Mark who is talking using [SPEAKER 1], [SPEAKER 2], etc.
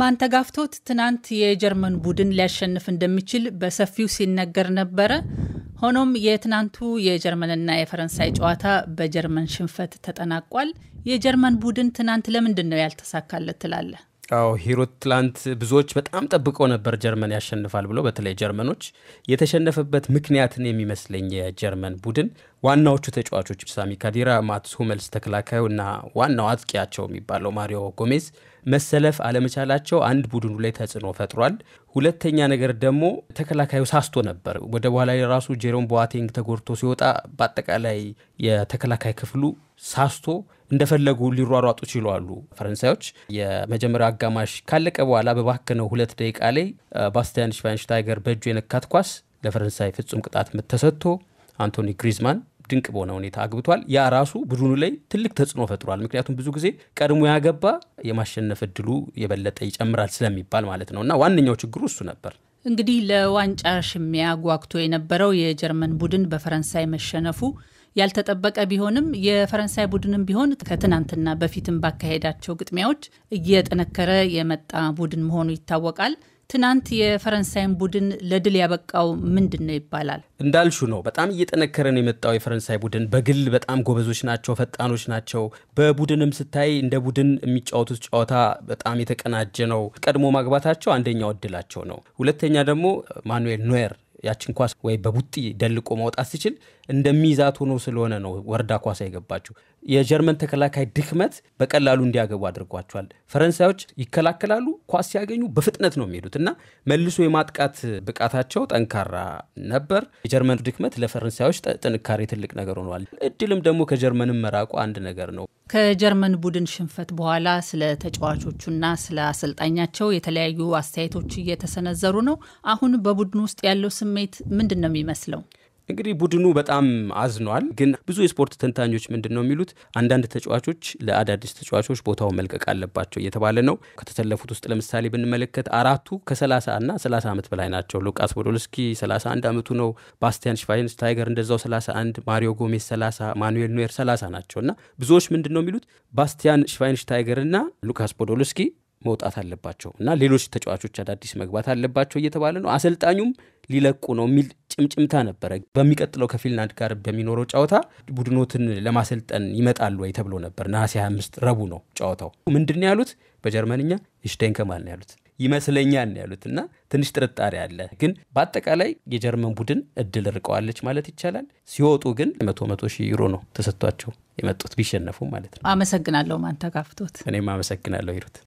[SPEAKER 1] ማንተጋፍቶት ትናንት የጀርመን ቡድን ሊያሸንፍ እንደሚችል በሰፊው ሲነገር ነበረ። ሆኖም የትናንቱ የጀርመንና የፈረንሳይ ጨዋታ በጀርመን ሽንፈት ተጠናቋል። የጀርመን ቡድን ትናንት ለምንድን ነው ያልተሳካለት ትላለህ?
[SPEAKER 2] አዎ ሂሩት፣ ትላንት ብዙዎች በጣም ጠብቀው ነበር ጀርመን ያሸንፋል ብሎ። በተለይ ጀርመኖች የተሸነፈበት ምክንያትን የሚመስለኝ የጀርመን ቡድን ዋናዎቹ ተጫዋቾች ሳሚ ካዲራ፣ ማትስ ሁመልስ ተከላካዩ እና ዋናው አጥቂያቸው የሚባለው ማሪዮ ጎሜዝ መሰለፍ አለመቻላቸው አንድ ቡድኑ ላይ ተጽዕኖ ፈጥሯል። ሁለተኛ ነገር ደግሞ ተከላካዩ ሳስቶ ነበር። ወደ በኋላ የራሱ ጄሮም ቦዋቴንግ ተጎድቶ ሲወጣ በአጠቃላይ የተከላካይ ክፍሉ ሳስቶ እንደፈለጉ ሊሯሯጡ ችለዋሉ። ፈረንሳዮች የመጀመሪያው አጋማሽ ካለቀ በኋላ በባከነው ሁለት ደቂቃ ላይ ባስቲያን ሽቫይንሽታይገር በእጁ የነካት ኳስ ለፈረንሳይ ፍጹም ቅጣት ምት ተሰጥቶ አንቶኒ ግሪዝማን ድንቅ በሆነ ሁኔታ አግብቷል። ያ ራሱ ቡድኑ ላይ ትልቅ ተጽዕኖ ፈጥሯል። ምክንያቱም ብዙ ጊዜ ቀድሞ ያገባ የማሸነፍ እድሉ የበለጠ ይጨምራል ስለሚባል ማለት ነው። እና ዋነኛው ችግሩ እሱ ነበር።
[SPEAKER 1] እንግዲህ ለዋንጫ ሽሚያ ጓግቶ የነበረው የጀርመን ቡድን በፈረንሳይ መሸነፉ ያልተጠበቀ ቢሆንም የፈረንሳይ ቡድንም ቢሆን ከትናንትና በፊትም ባካሄዳቸው ግጥሚያዎች እየጠነከረ የመጣ ቡድን መሆኑ ይታወቃል። ትናንት የፈረንሳይን ቡድን ለድል ያበቃው ምንድን ነው ይባላል?
[SPEAKER 2] እንዳልሹ ነው። በጣም እየጠነከረ ነው የመጣው የፈረንሳይ ቡድን። በግል በጣም ጎበዞች ናቸው፣ ፈጣኖች ናቸው። በቡድንም ስታይ እንደ ቡድን የሚጫወቱት ጨዋታ በጣም የተቀናጀ ነው። ቀድሞ ማግባታቸው አንደኛው እድላቸው ነው። ሁለተኛ ደግሞ ማኑኤል ኖየር ያችን ኳስ ወይ በቡጢ ደልቆ ማውጣት ሲችል እንደሚይዛት ሆኖ ስለሆነ ነው ወርዳ ኳስ አይገባችው። የጀርመን ተከላካይ ድክመት በቀላሉ እንዲያገቡ አድርጓቸዋል። ፈረንሳዮች ይከላከላሉ፣ ኳስ ሲያገኙ በፍጥነት ነው የሚሄዱት እና መልሶ የማጥቃት ብቃታቸው ጠንካራ ነበር። የጀርመን ድክመት ለፈረንሳዮች ጥንካሬ ትልቅ ነገር ሆነዋል። እድልም ደግሞ ከጀርመንም መራቁ አንድ ነገር ነው።
[SPEAKER 1] ከጀርመን ቡድን ሽንፈት በኋላ ስለ ተጫዋቾቹና ስለ አሰልጣኛቸው የተለያዩ አስተያየቶች እየተሰነዘሩ ነው። አሁን በቡድን ውስጥ ያለው ስሜት ምንድን ነው የሚመስለው?
[SPEAKER 2] እንግዲህ ቡድኑ በጣም አዝኗል። ግን ብዙ የስፖርት ተንታኞች ምንድን ነው የሚሉት አንዳንድ ተጫዋቾች ለአዳዲስ ተጫዋቾች ቦታው መልቀቅ አለባቸው እየተባለ ነው። ከተሰለፉት ውስጥ ለምሳሌ ብንመለከት አራቱ ከ30 እና 30 ዓመት በላይ ናቸው። ሉቃስ ቦዶልስኪ 31 ዓመቱ ነው። ባስቲያን ታይገር እንደዛው 31፣ ማሪዮ ጎሜስ 30፣ ማኑኤል ኑዌር 30 ናቸው እና ብዙዎች ምንድን ነው የሚሉት ባስቲያን ታይገር እና ሉካስ ፖዶልስኪ መውጣት አለባቸው እና ሌሎች ተጫዋቾች አዳዲስ መግባት አለባቸው እየተባለ ነው። አሰልጣኙም ሊለቁ ነው የሚል ጭምጭምታ ነበረ። በሚቀጥለው ከፊንላንድ ጋር በሚኖረው ጨዋታ ቡድኖትን ለማሰልጠን ይመጣሉ ወይ ተብሎ ነበር። ነሐሴ 25 ረቡዕ ነው ጨዋታው። ምንድን ያሉት? በጀርመንኛ ሽደንከማል ነው ያሉት ይመስለኛል ነው ያሉት እና ትንሽ ጥርጣሬ አለ። ግን በአጠቃላይ የጀርመን ቡድን እድል ርቀዋለች ማለት ይቻላል። ሲወጡ ግን መቶ መቶ ሺህ ዩሮ ነው ተሰጥቷቸው የመጡት ቢሸነፉ ማለት
[SPEAKER 1] ነው። አመሰግናለሁ ማንተጋፍቶት።
[SPEAKER 2] እኔም አመሰግናለሁ ሂሩት።